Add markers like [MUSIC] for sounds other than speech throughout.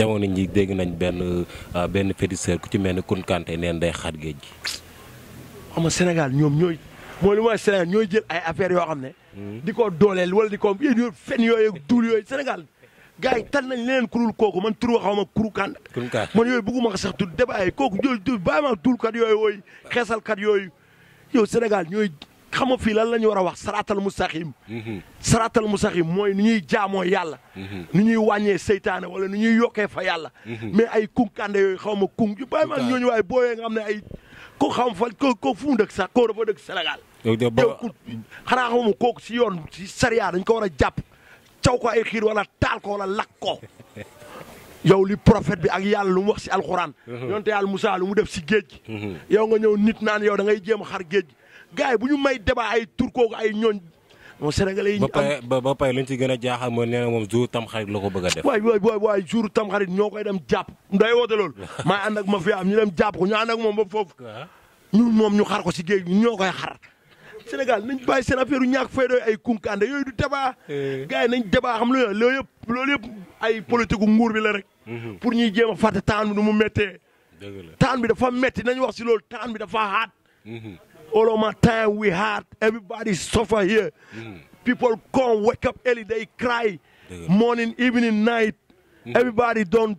jamono ji dégg nañ benn euh, benn féticheur ku ci mel ni Koune neen day xar géej gi. xam nga Sénégal ñoom ñooy mooy lu ma Sénégal ñooy jël ay affaires yoo xam ne. Hmm. di ko dooleel wala di ko fen yooyu tuul yooyu Sénégal. gars yi tal nañ leneen kurul kooku man tur waxaw ma kuru kan. kuru kan man yooyu bëgguma ko sax tudd débat yi kooku yooyu bàyyi ma yooyu wooyu xeesalkat yooyu yow Sénégal ñooy xam nga fii lan la ñu war a wax saraatal mustaxim mhm. saraatal mustaxim mooy nu ñuy jaamoo yàlla mhm. nu ñuy wàññee seytaane wala nu ñuy yokkee fa yàlla mhm. mais ay kunkande yooyu xaw ma kunk yu bàyyi man ñooñu waaye booyee nga xam ne ay ko xam fa ko ko fu mu dëkk sax koo dafa dëkk Sénégal ku xanaa xaw ma kooku si yoon si sariya dañ ko war a jàpp caw ko ay xiir wala taal ko wala lakk ko [LAUGHS] yow li prophète bi ak yàlla lu mu wax si alxuraan yonte yàlla Moussa lu mu def si géej gi yow nga ñëw nit naan yow da ngay jéem a xar géej gi gars bu ñu may débat ay tur kooku ay ñooñ. moom sénégalais yi ñu am ba ba pare li ñu gën a jaaxal mooy nee na moom jour tamxarit la ko bëgg a def. waay waay waay tamxarit ñoo koy dem jàpp. nday woote loolu. [LAUGHS] maa ànd ak ma fi ñu dem jàpp ko ñu ànd ak moom ba foofu. ñun moom ñu xar ko si géej ñoo koy xar. Sénégal nañ bàyyi seen affaire yu ñàkk fay doy ay kunkande yooyu du débat. Eh. gars yi nañ débat xam nga loolu yëpp loolu yëpp ay politique nguur bi la rek. Mhm. pour ñuy jéem a fàtte taan mu méttee. dëgg la taan bi dafa métti nañ wax si loolu taan bi dafa xaat. all of my time we had, everybody suffer here. Mm. People come, wake up early, they cry, Dude. morning, evening, night. Mm. Everybody don't.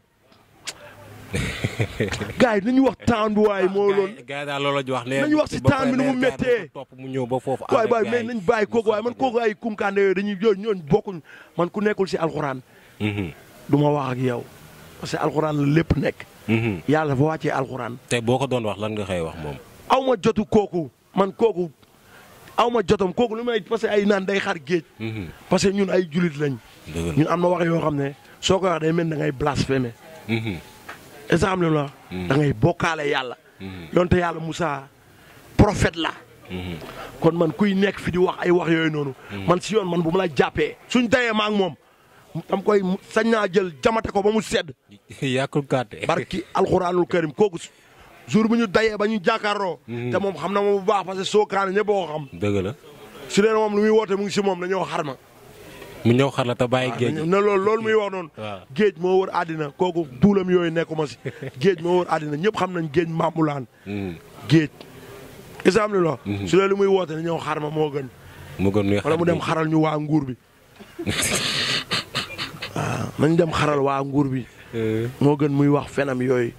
[LAUGHS] gars nañu wax town bi waaye ah, moo loolu. gars yi la ñu wax nee nañu wax si town bi nu mu méttee. topp mu ñëw ba foofu waay waay nañ bàyyi kooku waaye man kooku ay kumkande yooyu dañuy yooyu ñooñu man ku nekkul si alxuraan. Mm-hmm. du ma wax ak yow parce que alxuraan la lépp nekk. Mm-hmm. yàlla dafa wàccee alxuraan. te boo ko doon wax lan nga xëy wax moom. aw ma jotu kooku. man kooku aw ma jotom kooku lu may parce que ay naan day xar géej. Mhm. parce que ñun ay julit lañ. ñun am na wax yoo xam ne soo ko wax day mel da ngay blasphémer. exemple la. da ngay bokkaale yàlla. Mhm. donte yàlla Moussa prophète la. Mhm. kon man kuy nekk fi di wax ay wax yooyu noonu. man si yoon man bu ma la jàppee suñ dayee ma ak moom. am koy sañ naa jël jamate ko ba mu sedd. [LAUGHS] yàqul kàtte barki alxuraanul karim kooku jour bu ñu dayee ba ñu jàkkaarloo. Hmm. te moom xam na moom bu baax parce que Sokane ñëpp boo ko xam. dëgg la su dee moom lu muy woote mu ngi si moom dañoo xar ma. mu ñëw xar la te bàyyi ah, géej na loolu lool muy wax noonu. [LAUGHS] géej moo wër àddina kooku tuulam yooyu nekkuma si. [LAUGHS] géej moo wër àddina ñëpp xam nañ géej maamulaan. Hmm. géej. isam li la. su dee lu muy woote dañoo xar ma moo gën. moo gën muy xar mu dem xaral ñu waa nguur bi. [LAUGHS] Ah, dem xaral waa nguur bi. Eh. moo gën muy wax fenam yooyu.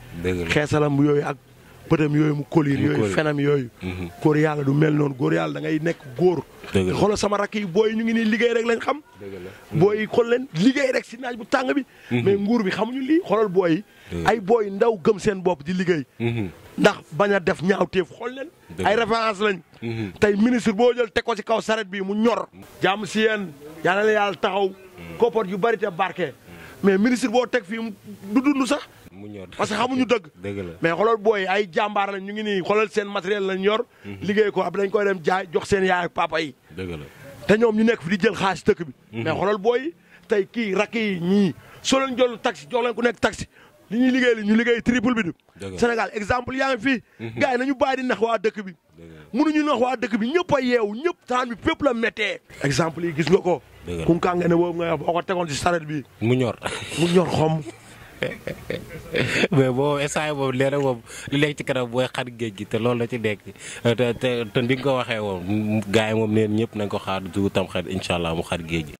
xeesalam yooyu ak. pëtam yooyu mu kolir yooyu fenam yooyu góor mhm. yàlla du mel noonu góor yàlla da ngay nekk góor xoolal sama rakk yi booy ñu ngi nii liggéey rek lañ xam mm. booy xool leen liggéey rek si naaj bu tàng bi mhm. mais nguur bi xamuñu lii xoolal booy ay booy ndaw gëm seen bopp di liggéey mhm. ndax bañ a def ñaawteef xool leen ay référence lañ tey ministre boo jël teg ko ci kaw saret bi mu ñor jàmm si yéen yàlla la yàlla taxaw mm. koppar yu bari te barke mm. mais ministre boo teg fii du dund sax mu ñor parce que xamuñu dëgg. [LAUGHS] dëgg la mais xoolal booy ay jàmbaar la ñu ngi nii xoolal seen matériel lañ yor. Mhm. liggéey ko ab dañ koy dem jaay jox seen yaay ak papa yi. dëgg la te ñoom ñu nekk fi di jël xaalis dëkk bi. Mhm. mais xoolal booy tey kii rakk yi ñii soo leen jël taxi ku nekk taxi. li ñu liggéey triple bi du Sénégal exemple yaa ngi fii mhm. gars nañu bàyyi di nax waa dëkk bi mënuñu nax waa dëkk bi ñëpp a yeew ñëpp taan bi fépp la méttee exemple yi gis nga ko kunkaangene boobu nga wax boo ko tegoon si saret bi mu [LAUGHS] [LAUGHS] mais boobu instant yii boobu léeg moom li nekk ci kanam booy xar géej gi te loolu la ci nekk te te te ni nga ko waxee woon gars yi moom neen ñëpp nañ ko xaar du tam xel incha allah mu xar géej gi.